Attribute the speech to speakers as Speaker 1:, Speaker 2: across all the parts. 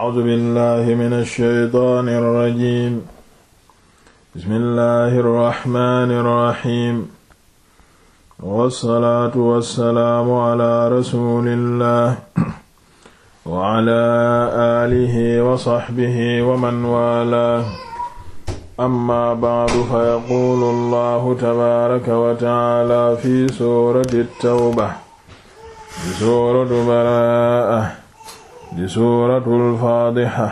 Speaker 1: A'uuzu billaahi mina shaytaani rajiim. Bismillaahi rahmaani rahiim. Wassalaatu wassalaamu alaa rasuulillaah wa alaa aalihi wa sahbihi wa man waalaah. Ammaa ba'du fa yaquulu Allaahu tabaaraka wa ta'aalaa fi suurati Tawba, suuratu Baraa'a. di suuratul faadiha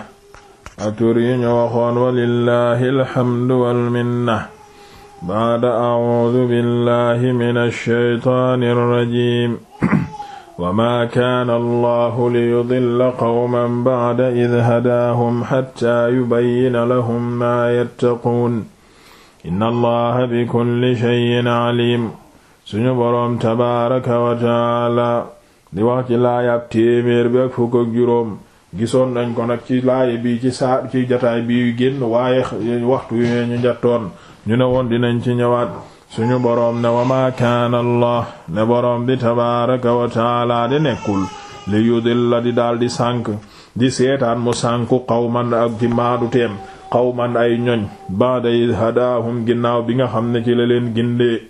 Speaker 1: atur yi ñu waxoon walillahi alhamdu walminna baada acuudu billahi min alshaytaani alrajim wa ma kaana allahu liyudilla qawman bacda id hadaahum xatta yubayyina lahum maa yattaquun inna allaha bikulli shay'in alim suñu boroom tabaaraka wa taala di wax ci laayab téeméer bi ak fukk ak juróom gisoon nañ ko nag ci laaya bi ci saa ci jataay bi génn waaye waxtu wi ñu njattoon ñu ne woon dinañ ci ñëwaat suñu boroom ne wa maa kaana allah ne boroom bi tabaaraka wa taala di nekkul li yudilla di daldi sànk di seetaan mu sànku qawman ak ci maadu teem ay ñoñ baada id hadaahum ginnaaw bi nga xam ne ci la leen gindee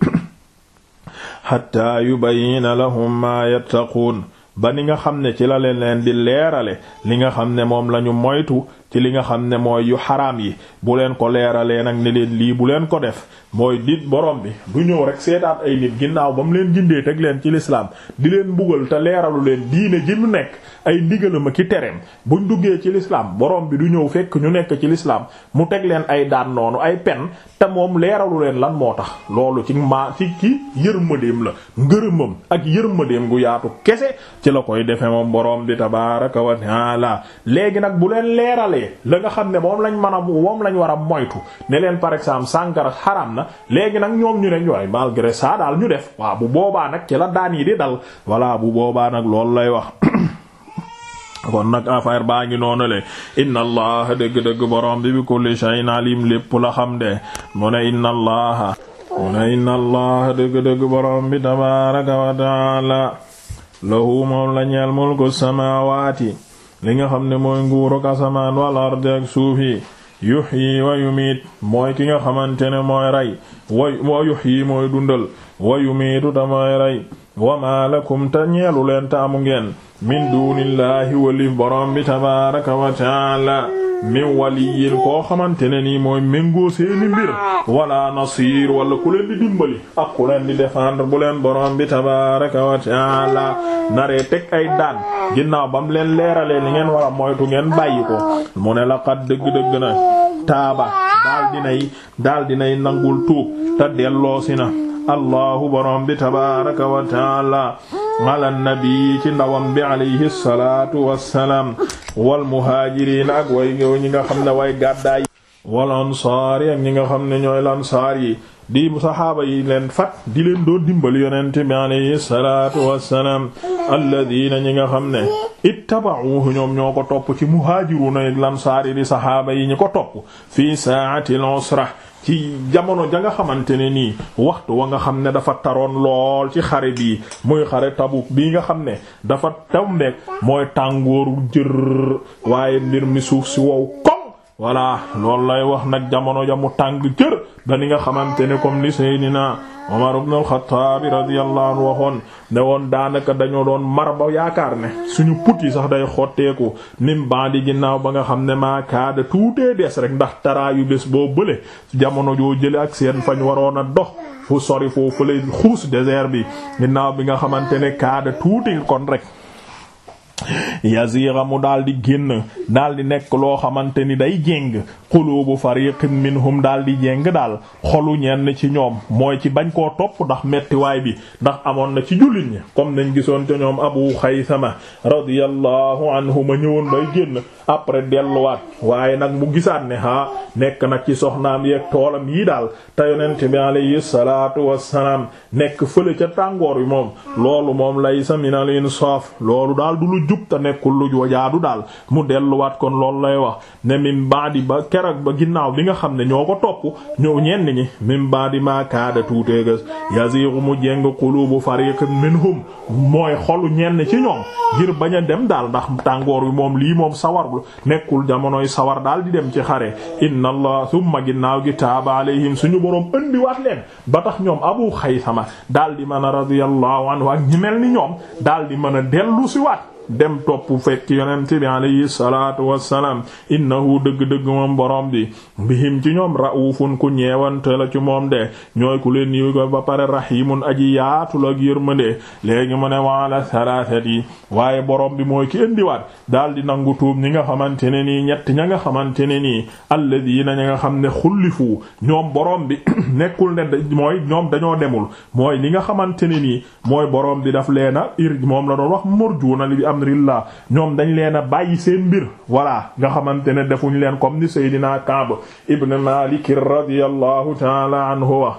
Speaker 1: xatta yubayyina lahum maa yattaquun ba ni nga xam ne ci la leen leen di leerale li nga xam ne moom lañu moytu ci li nga xam ne mooy yu xaraam yi bu leen ko leeralee nag ne leen lii bu leen ko def mooy di boroom bi du ñëw rek seetaat ay nit ginnaaw ba mu leen gindee teg leen ci lislaam di leen mbugal te leeralu leen diine ji mu nekk ay ndigalama ki tereem buñ duggee ci lislaam boroom bi du ñëw fekk ñu nekk ci lislaam mu teg leen ay daan noonu ay pen te moom leeralu leen lan moo tax loolu ci maa ci ki yërmandeem la ngërëmam ak yërmandeem gu yaatu kese ci la koy defe bi tabaaraka wa taala léegi boolee la nga xam ne moom lañ mën a moom lañ war a moytu ne leen par exemple sàngara xaraam na léegi nag ñoom ñu ne ñooy malgré saa daal ñu def waa bu boobaa nag ci la daan yi di dal voilà bu boobaa nag loolu lay wax kon nag affaire baa ngi noonu le inna allaha dëgg-dëgg borom bi bi lépp la xam ne inna allaha mu ne wa taala lahu moom la ñeel mulku samawati li nga xam ne mooy nguuruk asamaan wal ard ak suuf yi wa yumiit mooy ki nga xamante ne mooy rey wa yuhyi mooy dundal wa yumiitu ta mooy rey wama la te ñeelu leen taamu ngeen min dunillahi walif borom bi tabaraka wa taala min waliyin koo xamante ne nii mooy méngoo seeni mbir wala nasir wala ku leen di dimbali ak leen di défendre bu leen borom bi tabaraka wa taala naree teg ay daan ginnaaw bam leen leeralee li ngeen war moytu ngeen bàyyi ko mu ne laqad dëgg-dëgg na taaba daal dinay daal dinay nangul tuub te delloosi na allahu borom bi tabaraka wa taala ala nabi ci ndawam bi alayhi salatu wassalaam wal muhaajiriin ak way ñëw ñi nga xam ne way gàddaay wal ansaar yi ak ñi nga xam ne ñooy lansaar yi di saxaaba yi leen fat di leen doon dimbali yonent bi alayhi salaatu wassalaam alladina ñi nga xam ne ittaba'uhu ñoom ñoo ko topp ci muhaajiruna ak lansaar yi di saxaaba yi ñi ko topp fii saa'atil usra ci jamono ja nga xamante ne nii waxtu wa nga xam ne dafa taroon lool ci xare bii muy xare Tabuk bi nga xam ne dafa taw mooy tàngooru jër waaye mbir mi suuf si wow ko voilà loolu lay wax nag jamono ja mu tàng jër ba ni nga xamante ne comme li Seydina Omar ibn al-Khattab radiyallahu anhu waxoon ne woon daanaka dañoo doon mar ba yaakaar ne suñu put yi sax day xotteeku nim ban di ginnaaw ba nga xam ne maa kaada tuutee des rek ndax taraa yu bés boo bële jamono joo jële ak seen fañ waroon a dox fu sori foofu lay xuus désert bi ginnaaw bi nga xamante ne kaada tuuti kon rek yasiira mu daal di génn daal di nekk loo xamante ni day jéng qulubu fariqin minhum daal di jéng daal xolu ñenn ci ñoom mooy ci bañ koo topp ndax mettiwaay bi ndax amoon na ci jullit ñi comme nañ gisoon te ñoom abu xaysama radiyallahu anhu ma ñëwoon bay génn après delluwaat waaye nag mu gisaat ne ha nekk nag ci soxnaam yeeg toolam yii daal te yonent bi alayhi salaatu wassalaam nekk fële ca tàngoor bi moom loolu moom laysa minal insaaf loolu daal du lu jub te nekkul lu joojaadu daal mu delluwaat kon loolu lay wax ne mim baadi ba keroog ba ginnaaw bi nga xam ne ñoo ko topp ñëw ñenn ñi mim baadi maa kaada tuutee gës yaziiru mu jeng qulubu fariqin minhum mooy xolu ñenn ci ñoom ngir bañ a dem daal ndax tàngoor wi moom lii moom sawarul nekkul jamonoy sawar daal di dem ci xare inna allah summa ginnaaw gi taaba alayhim suñu boroom ëndiwaat leen ba tax ñoom abu xaysama daal di mën a radiyallahu anhu ak ñi mel ni di mën a dellu siwaat dem topp fekk yonent bi alayhi salaatu wassalaam innahu dëgg-dëgg moom boroom bi bihim ci ñoom raufun ku ñeewante la ci moom de ñooy ku leen yiw ba pare rahimun aji yaatu la ak yërmande léegi mu ne waala salatat yi waaye boroom bi mooy ki indiwaat daal di nangu tuub ñi nga xamante ne nii ñett ña nga xamante ne nii na ña nga xam ne xullifu ñoom borom bi nekkul ne mooy ñoom dañoo demul mooy li nga xamante ne nii mooy borom bi daf leena ir moom la doon amrillah ñoom dañ leen a bàyyi seen mbir voilà nga xamante ne defuñ leen comme ni Seydina Kaab ibn Malik radiyallahu ta'ala anhu wa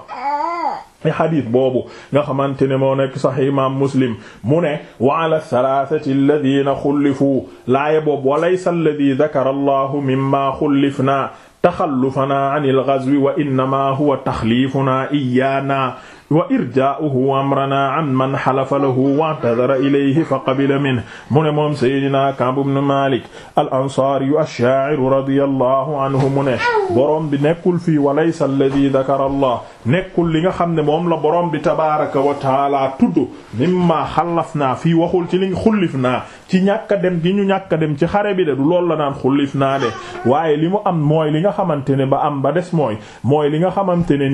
Speaker 1: i xadis boobu nga xamante ne moo nekk sax imam muslim mu ne wa ala thalathati alladhina xullifu laaya boobu walaysa alladhi dhakara allahu mimma xullifna taxallufana an al ghazwi wa innama huwa taxliifuna iyaana wa irjaa'uhu amrana an man halafa lahu wa'tadara ilayhi fa qabila minhu mu ne moom Seydina Ka'b ibn Malik al-Ansari ash-sha'ir radiyallahu mu ne borom bi nekkul fii wa laysa alladhi dhakara Allah nekkul li nga xam ne moom la borom bi tabaaraka wa ta'ala tudd mimma xallafnaa fii waxul ci li xullif naa ci ñàkk dem gi ñu ñàkk dem ci xare bi de du loolu la naan xullif naa de waaye li mu am mooy li nga xamante ne ba am ba des mooy mooy li nga xamante ne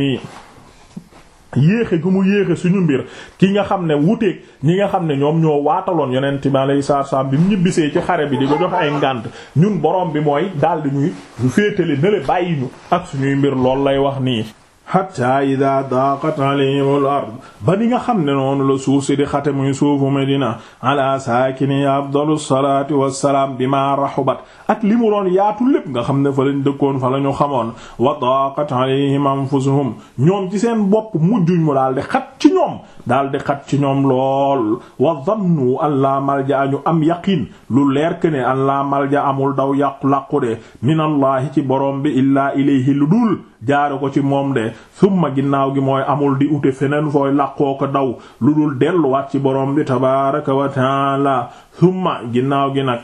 Speaker 1: yéexe gu mu yéexe suñu mbir ki nga xam ne wuteeg ñi nga xam ne ñoom ñoo waataloon yonent bi alayhi salaatu bi mu ñibbisee ci xare bi di ko jox ay ngànt ñun borom bi mooy daal di ñuy féetale nële bàyyi ñu ak suñuy mbir loolu lay wax nii xatta ida daaqat alayhim al ard ba nga xam ne noonu la suuf si di xate muy suufu Medina ala saakini afdalu salaati wassalaam bi ma raxubat ak li mu doon yaatu lépp nga xam ne fa lañ dëkkoon fa la ñu xamoon wa daaqat alayhim anfusuhum ñoom ci seen bopp mujjuñ mu daal di xat ñoom daal di xat ci ñoom lool wa zannu an laa malja ñu am yaqiin lu leer ke ne an laa malja amul daw yàqu làqu de min allahi ci boroom bi illa ilayhi lu dul jaaro ko ci moom de summa ginnaaw gi mooy amul di ute feneen fooy làqoo ko daw lu dul delluwaat ci borom bi tabaaraka wa taala summa ginnaaw gi nag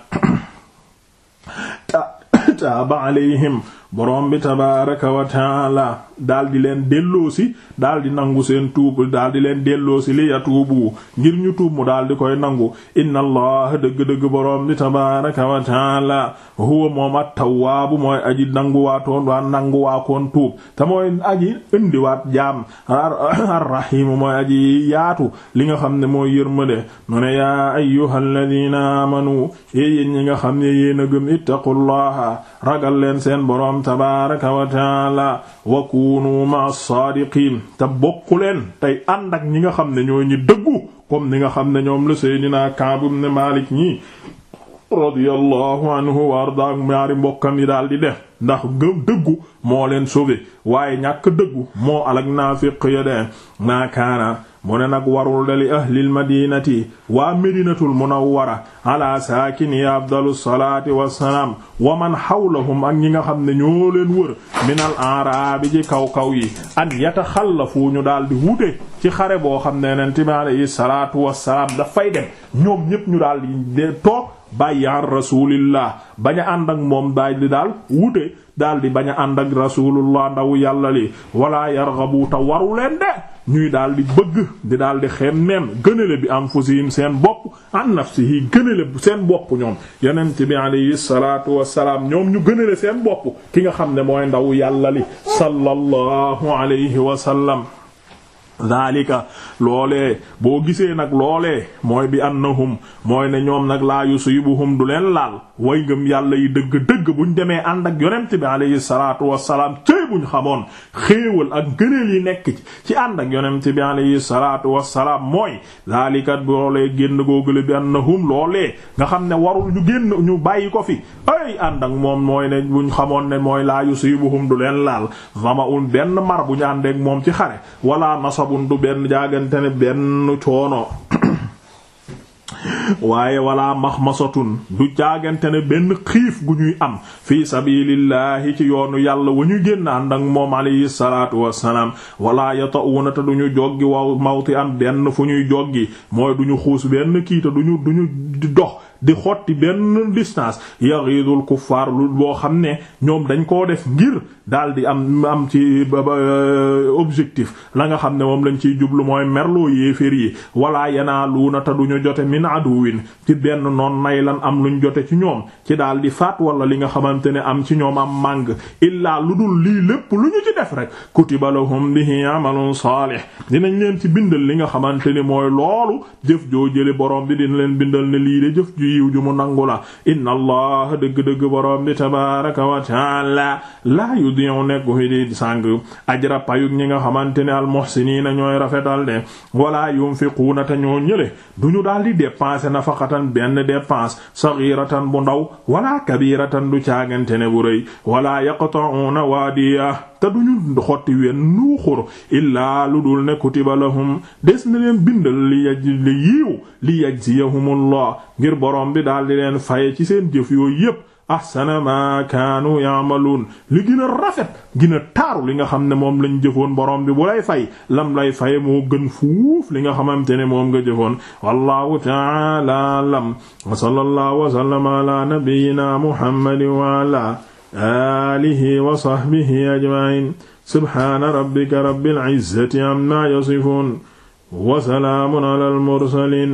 Speaker 1: taaba alayhim borom bi tabaaraka wa taala daal di leen delloosi daal di nangu seen tuub daal di leen delloosi li yatuubu ngir ñu tuub mu daal di koy nangu inna allah dëgg-dëgg borom bi tabaaraka wa taala huwa moom at-tawwaabu mooy aji nanguwaatoon waa nanguwaakoon tuub te mooy aji indiwaat jaam ar-rahiim mooy aji yaatu li nga xam ne mooy yërmande mu ne yaa ayyuhal amanu yéen ñi nga xam ne yéen a gëm ittaqullaha ragal leen seen borom boroom tabaaraka wa taala wa kuunu ma saadiqiin te bokku leen tey ànd ak ñi nga xam ne ñoo ñi dëggu comme ni nga xam ne ñoom la Seydina Kaab ibn Maalik ñii radiyallahu anhu wa arda ñaari mbokkam yi daal di def ndax gëm dëggu moo leen sauvé waaye ñàkk dëggu moo alak naafiq ya de naa mu ne nag warul dali ahlil madinati waa medinatul munawwara ala saakini afdalu salaati wassalaam wa man hawlahum ak ñi nga xam ne ñoo leen wër minal araabi ci kaw kaw yi an yataxallafu ñu daal di wute ci xare boo xam ne yonent bi alayhi salaatu wassalaam dafay dem ñoom ñépp ñu daal di toog bàyyi an rasulillah bañ a ànd ak moom daal di daal wute daal di bañ a ànd ak rasulullah ndaw yàlla li wala ta waru de ñuy daal di bëgg di daal di xemmeem gënale bi am fusihim seen bopp an nafsihi gënale seen bopp ñoom yonent bi alayhi salaatu wassalaam ñoom ñu gënale seen bopp ki nga xam ne mooy ndaw yàlla li sallallahu alayhi wa sallam zalika loole boo gisee nag loole mooy bi annahum mooy ne ñoom nag laa yusibuhum du leen laal way ngëm yàlla yi dëgg-dëgg buñ demee ànd ak yonent bi alayhi salaatu wa wassalaam cëy buñ xamoon xéewal ak ngëneel yi nekk ci ànd ak yonent bi alayhi salaatu wa salaam mooy zalika loolee génn googale bi annahum loolee nga xam ne warul ñu génn ñu bàyyi ko fi ay ànd ak moom mooy ne buñ xamoon ne mooy laa yusibuhum du leen laal zama un benn mar bu ñu moom ci xare nasabun du benn jaagante ne benn coono waaye wala maxmasatun du jaagante ne benn xiif gu ñuy am fi sabilillahi ci yoonu yàlla wa ñu génn ànd moom alayhi salaatu wassalaam wala yata'una te du ñu joggi waw mawti am benn fu ñuy joggi mooy du ñu xuus benn kii te du ñu dox di xotti benn distance yaghidul kuffar lu boo xam ne ñoom dañ koo def ngir daal di am am ci euh, objectif la nga xam ne moom lañ ciy jublu mooy merloo yéefér yi walaa yanaaluuna te duñu jote min aduwin ci benn noon nay lan am luñ jote ci ñoom ci daal di faat wala li nga xamante ne am ci ñoom am màng illaa lu dul lii lépp lu ñu ci def rek kutiba lahum bihi amalun salih dinañ leen ci bindal li nga xamante ni mooy loolu jëf joo jële borom bi dina leen bindal ne lii yiw ju mu nangu la inna allah dëgg-dëgg borom bi tabaraka wa taala laa yu diw nekku fi di sànq ajra payug ñi nga xamante ne almuhsiniina ñooy rafetal de wala yunfiquuna te ñoo ñële duñu daal di dépenser nafaqatan benn dépense saghiratan bu ndaw wala kabiratan du caagante ne bu rëy wala yaqta'una wadiya te duñu xotti wen nuuxur illaa lu dul ne kutiba lahum des na leen bindal li yaj li yiiw li yajziyahumullah ngir borom borom bi daal di leen faye ci seen jëf yooyu yépp ahsana ma kaanu yaamaluun li gën a rafet gën a taaru li nga xam ne moom lañ jëfoon borom bi bu lay fay lam lay faye moo gën fuuf li nga xamante ne moom nga jëfoon wallahu ta'ala lam wa sallallahu wa sallama ala nabiyyina muhammadin wa ala alihi wa sahbihi ajma'in subhana rabbika rabbil izzati amma yasifun wa salaamun ala al mursalin